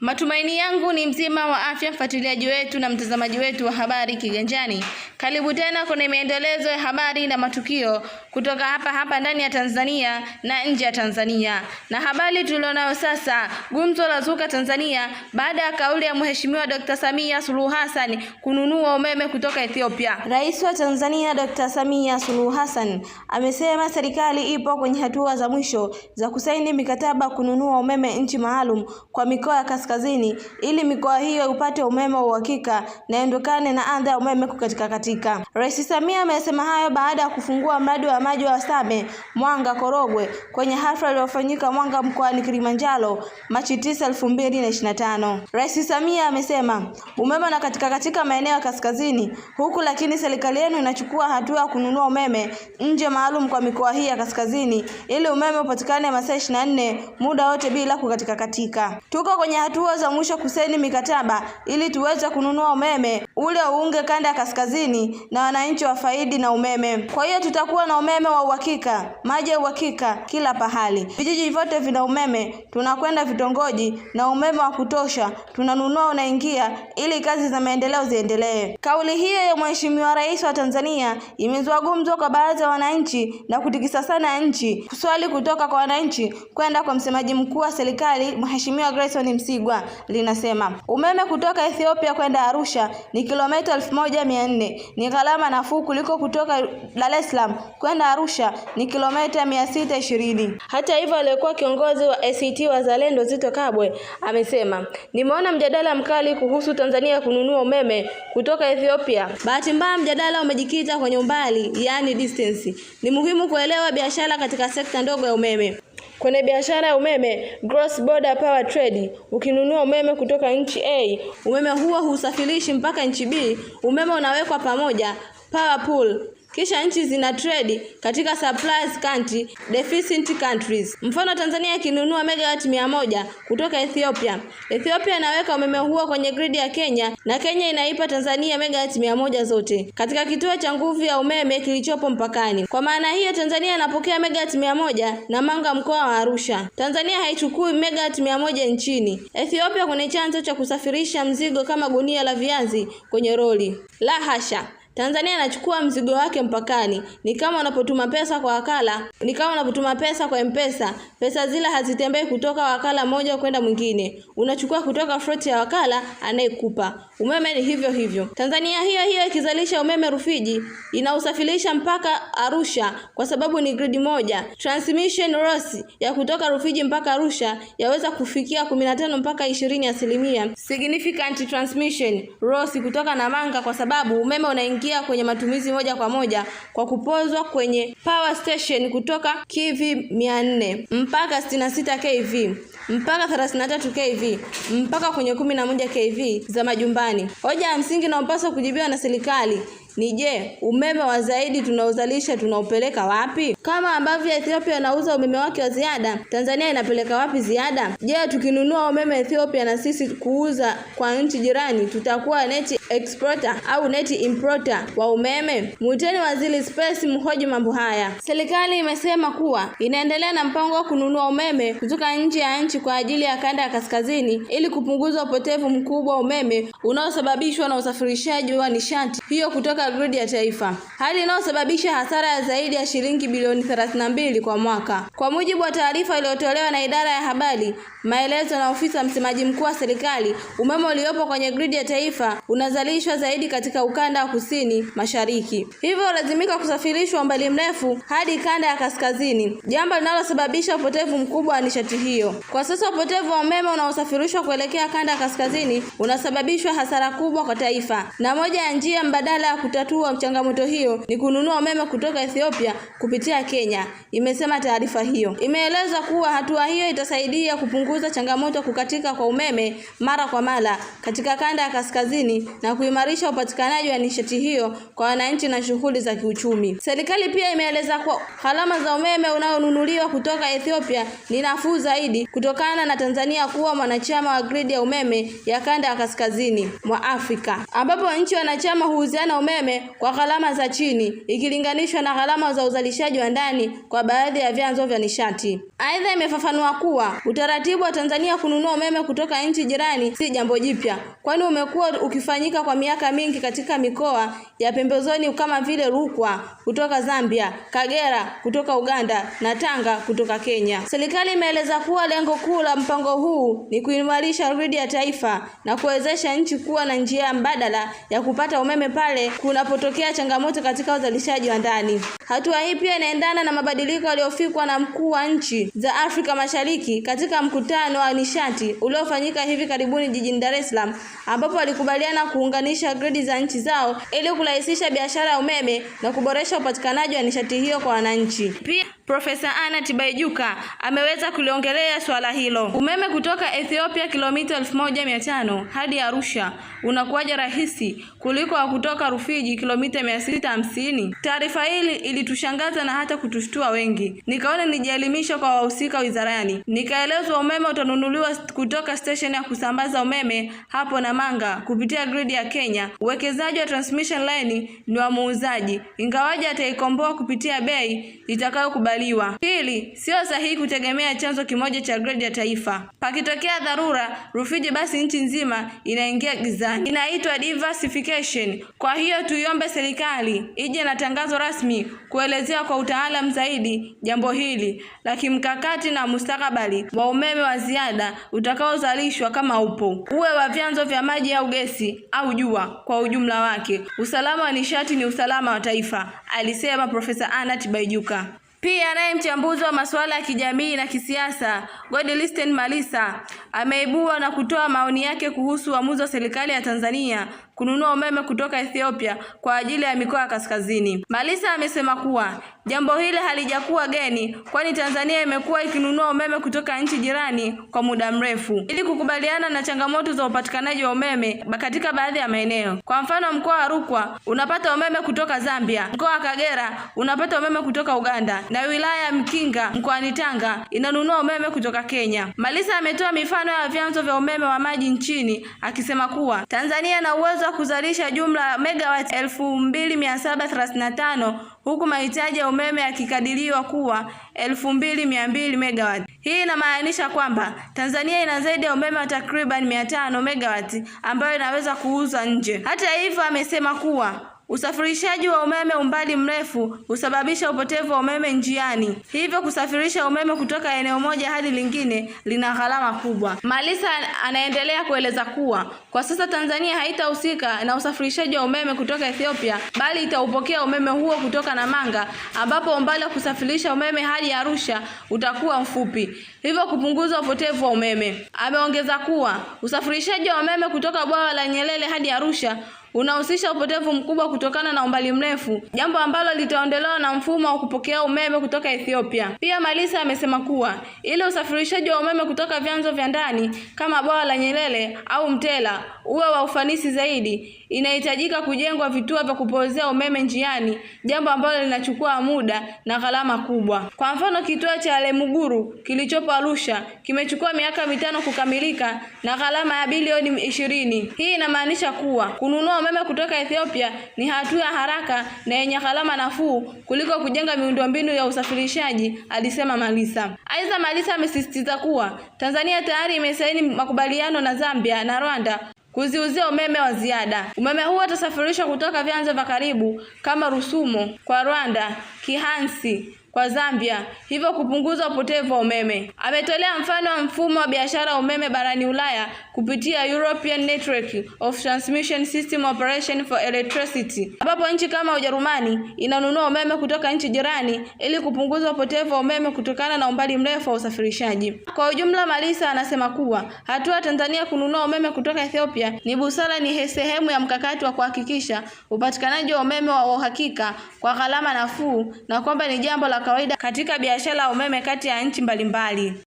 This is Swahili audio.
Matumaini yangu ni mzima wa afya, mfuatiliaji wetu na mtazamaji wetu wa Habari Kiganjani. Karibu tena kwenye maendelezo ya habari na matukio kutoka hapa hapa ndani ya Tanzania na nje ya Tanzania. Na habari tulionayo sasa, gumzo la zuka Tanzania baada ya kauli ya Mheshimiwa Dr. Samia Suluhu Hassan kununua umeme kutoka Ethiopia. Rais wa Tanzania Dr. Samia Suluhu Hassan amesema serikali ipo kwenye hatua za mwisho za kusaini mikataba kununua umeme nchi maalum kwa mikoa ya kaskazini ili mikoa hiyo upate umeme wa uhakika na iondokane na adha ya umeme kukatika katika. Rais Samia amesema hayo baada ya kufungua mradi wa maji wa Same Mwanga Korogwe kwenye hafla iliyofanyika Mwanga mkoani Kilimanjaro Machi 9, 2025. Rais Samia amesema umeme unakatika katika maeneo ya kaskazini huku, lakini serikali yenu inachukua hatua ya kununua umeme nje maalum kwa mikoa hii ya kaskazini ili umeme upatikane masaa 24 muda wote bila kukatika katika. Tuko kwenye hatua hatua za mwisho kusaini mikataba ili tuweze kununua umeme ule uunge kanda ya kaskazini na wananchi wafaidi na umeme. Kwa hiyo tutakuwa na umeme wa uhakika, maji ya uhakika kila pahali, vijiji vyote vina umeme, tunakwenda vitongoji na umeme wa kutosha, tunanunua unaingia, ili kazi za maendeleo ziendelee. Kauli hiyo ya Mheshimiwa Rais wa Tanzania imezua gumzo kwa baadhi ya wananchi na kutikisa sana nchi. Swali kutoka kwa wananchi kwenda kwa msemaji mkuu wa serikali Mheshimiwa Grayson Msigwa. Kigwa linasema umeme kutoka Ethiopia kwenda Arusha ni kilomita elfu moja mia nne ni gharama nafuu kuliko kutoka Dar es Salaam kwenda Arusha ni kilomita mia sita ishirini. Hata hivyo, aliyekuwa kiongozi wa ACT Wazalendo Zito Kabwe amesema nimeona mjadala mkali kuhusu Tanzania kununua umeme kutoka Ethiopia. Bahati mbaya mjadala umejikita kwenye umbali, yani distance. Ni muhimu kuelewa biashara katika sekta ndogo ya umeme. Kwenye biashara ya umeme Gross Border Power Trade, ukinunua umeme kutoka nchi A, umeme huo husafirishi mpaka nchi B. Umeme unawekwa pamoja power pool kisha nchi zina trade katika supplies country, deficient countries. Mfano, Tanzania ikinunua megawati mia moja kutoka Ethiopia, Ethiopia inaweka umeme huo kwenye gridi ya Kenya na Kenya inaipa Tanzania megawati mia moja zote katika kituo cha nguvu ya umeme kilichopo mpakani. Kwa maana hiyo, Tanzania inapokea megawati mia moja na Manga mkoa wa Arusha. Tanzania haichukui megawati mia moja nchini Ethiopia. Kuna chanzo cha kusafirisha mzigo kama gunia la viazi kwenye roli? La hasha. Tanzania anachukua mzigo wake mpakani. Ni kama unapotuma pesa kwa wakala, ni kama unapotuma pesa kwa Mpesa, pesa zile hazitembei kutoka wakala moja kwenda mwingine, unachukua kutoka froti ya wakala anayekupa. Umeme ni hivyo hivyo. Tanzania hiyo hiyo ikizalisha umeme Rufiji, inausafirisha mpaka Arusha kwa sababu ni gridi moja. Transmission loss ya kutoka Rufiji mpaka Arusha yaweza kufikia 15 mpaka 20 asilimia. Significant transmission loss kutoka Namanga kwa sababu umeme unaingia kuingia kwenye matumizi moja kwa moja kwa kupozwa kwenye power station kutoka kV 400 mpaka 66 kV mpaka 33 kV mpaka kwenye 11 kV za majumbani. Hoja ya msingi inayopaswa kujibiwa na serikali ni je, umeme wa zaidi tunaozalisha tunaupeleka wapi? Kama ambavyo Ethiopia inauza umeme wake wa ziada, Tanzania inapeleka wapi ziada? Je, tukinunua umeme Ethiopia na sisi kuuza kwa nchi jirani tutakuwa neti exporter au neti importer wa umeme? Mwiteni Waziri Space mhoji mambo haya. Serikali imesema kuwa inaendelea na mpango wa kununua umeme kutoka nje ya nchi kwa ajili ya kanda ya kaskazini ili kupunguza upotevu mkubwa wa umeme unaosababishwa na usafirishaji wa nishati hiyo kutoka gridi ya taifa, hali inayosababisha hasara ya zaidi ya shilingi bilioni mbili kwa mwaka, kwa mujibu wa taarifa iliyotolewa na idara ya habari, maelezo na ofisa msemaji mkuu wa serikali. Umeme uliopo kwenye gridi ya taifa unazalishwa zaidi katika ukanda wa kusini mashariki, hivyo lazimika kusafirishwa umbali mrefu hadi kanda ya kaskazini, jambo linalosababisha upotevu mkubwa wa nishati hiyo. Kwa sasa upotevu wa umeme unaosafirishwa kuelekea kanda ya kaskazini unasababishwa hasara kubwa kwa taifa na moja ya njia mbadala ya kutatua changamoto hiyo ni kununua umeme kutoka Ethiopia kupitia Kenya, imesema taarifa hiyo. Imeeleza kuwa hatua hiyo itasaidia kupunguza changamoto kukatika kwa umeme mara kwa mara katika kanda ya kaskazini na kuimarisha upatikanaji wa nishati hiyo kwa wananchi na shughuli za kiuchumi. Serikali pia imeeleza kuwa gharama za umeme unaonunuliwa kutoka Ethiopia ni nafuu zaidi kutokana na Tanzania kuwa mwanachama wa gridi ya umeme ya kanda ya kaskazini mwa Afrika ambapo nchi wanachama huuziana umeme umeme kwa gharama za chini ikilinganishwa na gharama za uzalishaji wa ndani kwa baadhi ya vyanzo vya nishati. Aidha, imefafanua kuwa utaratibu wa Tanzania kununua umeme kutoka nchi jirani si jambo jipya, kwani umekuwa ukifanyika kwa miaka mingi katika mikoa ya pembezoni kama vile Rukwa kutoka Zambia, Kagera kutoka Uganda na Tanga kutoka Kenya. Serikali imeeleza kuwa lengo kuu la mpango huu ni kuimarisha gridi ya taifa na kuwezesha nchi kuwa na njia mbadala ya kupata umeme pale ku kunapotokea changamoto katika uzalishaji wa ndani. Hatua hii pia inaendana na mabadiliko yaliyofikwa na mkuu wa nchi za Afrika Mashariki katika mkutano wa nishati uliofanyika hivi karibuni jijini Dar es Salaam, ambapo walikubaliana kuunganisha gridi za nchi zao ili kurahisisha biashara ya umeme na kuboresha upatikanaji wa nishati hiyo kwa wananchi. Pia Profesa Anna Tibaijuka ameweza kuliongelea swala hilo. Umeme kutoka Ethiopia kilomita elfu moja mia tano hadi Arusha unakuwaje rahisi kuliko wa kutoka Rufiji Rufiji, kilomita mia sita hamsini. Taarifa hili ilitushangaza na hata kutushtua wengi, nikaona nijaelimisha kwa wahusika wizarani. Nikaelezwa umeme utanunuliwa kutoka stesheni ya kusambaza umeme hapo Namanga kupitia gridi ya Kenya. Uwekezaji wa transmission line ni wa muuzaji, ingawaji ataikomboa kupitia bei itakayokubaliwa. Pili, sio sahihi kutegemea chanzo kimoja cha gridi ya taifa. Pakitokea dharura Rufiji, basi nchi nzima inaingia gizani. Inaitwa diversification. Kwa hiyo tuiombe serikali ije na tangazo rasmi kuelezea kwa utaalam zaidi jambo hili la kimkakati na mustakabali wa umeme wa ziada utakaozalishwa kama upo, uwe wa vyanzo vya maji au gesi au jua kwa ujumla wake. Usalama wa nishati ni usalama wa taifa, alisema Profesa Anna Tibaijuka. Pia naye mchambuzi wa masuala ya kijamii na kisiasa Godlisten Malisa ameibua na kutoa maoni yake kuhusu uamuzi wa serikali ya Tanzania kununua umeme kutoka Ethiopia kwa ajili ya mikoa ya kaskazini. Malisa amesema kuwa jambo hili halijakuwa geni, kwani Tanzania imekuwa ikinunua umeme kutoka nchi jirani kwa muda mrefu ili kukubaliana na changamoto za upatikanaji wa umeme katika baadhi ya maeneo. Kwa mfano, mkoa wa Rukwa unapata umeme kutoka Zambia, mkoa wa Kagera unapata umeme kutoka Uganda na wilaya ya Mkinga mkoani Tanga inanunua umeme kutoka Kenya. Malisa ametoa mifano ya vyanzo vya umeme wa maji nchini akisema kuwa Tanzania na uwezo wa kuzalisha jumla ya megawati tano huku mahitaji ya umeme yakikadiriwa kuwa 2200 megawati. Hii inamaanisha kwamba Tanzania ina zaidi ya umeme wa takriban 500 megawati ambayo inaweza kuuzwa nje. Hata hivyo, amesema kuwa Usafirishaji wa umeme umbali mrefu husababisha upotevu wa umeme njiani, hivyo kusafirisha umeme kutoka eneo moja hadi lingine lina gharama kubwa. Malisa anaendelea kueleza kuwa kwa sasa Tanzania haitahusika na usafirishaji wa umeme kutoka Ethiopia, bali itaupokea umeme huo kutoka Namanga, ambapo umbali wa kusafirisha umeme hadi Arusha utakuwa mfupi, hivyo kupunguza upotevu wa umeme. Ameongeza kuwa usafirishaji wa umeme kutoka bwawa la Nyerere hadi Arusha unahusisha upotevu mkubwa kutokana na umbali mrefu, jambo ambalo litaondolewa na mfumo wa kupokea umeme kutoka Ethiopia. Pia Malisa amesema kuwa ili usafirishaji wa umeme kutoka vyanzo vya ndani kama bwawa la Nyerere au Mtela uwe wa ufanisi zaidi, inahitajika kujengwa vituo vya kupozea umeme njiani, jambo ambalo linachukua muda na gharama kubwa. Kwa mfano, kituo cha Lemuguru kilichopo Arusha kimechukua miaka mitano kukamilika na gharama ya bilioni ishirini. Hii inamaanisha kuwa kununua umeme kutoka Ethiopia ni hatua ya haraka na yenye gharama nafuu kuliko kujenga miundombinu ya usafirishaji, alisema Malisa. Aidha, Malisa amesisitiza kuwa Tanzania tayari imesaini makubaliano na Zambia na Rwanda kuziuzia umeme wa ziada. Umeme huo utasafirishwa kutoka vyanzo vya karibu kama Rusumo kwa Rwanda, Kihansi kwa Zambia, hivyo kupunguza upotevu wa umeme. Ametolea mfano wa mfumo wa biashara wa umeme barani Ulaya kupitia European Network of Transmission System Operation for Electricity, ambapo nchi kama Ujerumani inanunua umeme kutoka nchi jirani ili kupunguza upotevu wa umeme kutokana na umbali mrefu wa usafirishaji. Kwa ujumla, Malisa anasema kuwa hatua ya Tanzania kununua umeme kutoka Ethiopia ni busara, ni sehemu ya mkakati wa kuhakikisha upatikanaji wa umeme wa uhakika kwa gharama nafuu na kwamba ni jambo la kawaida katika biashara ya umeme kati ya nchi mbalimbali.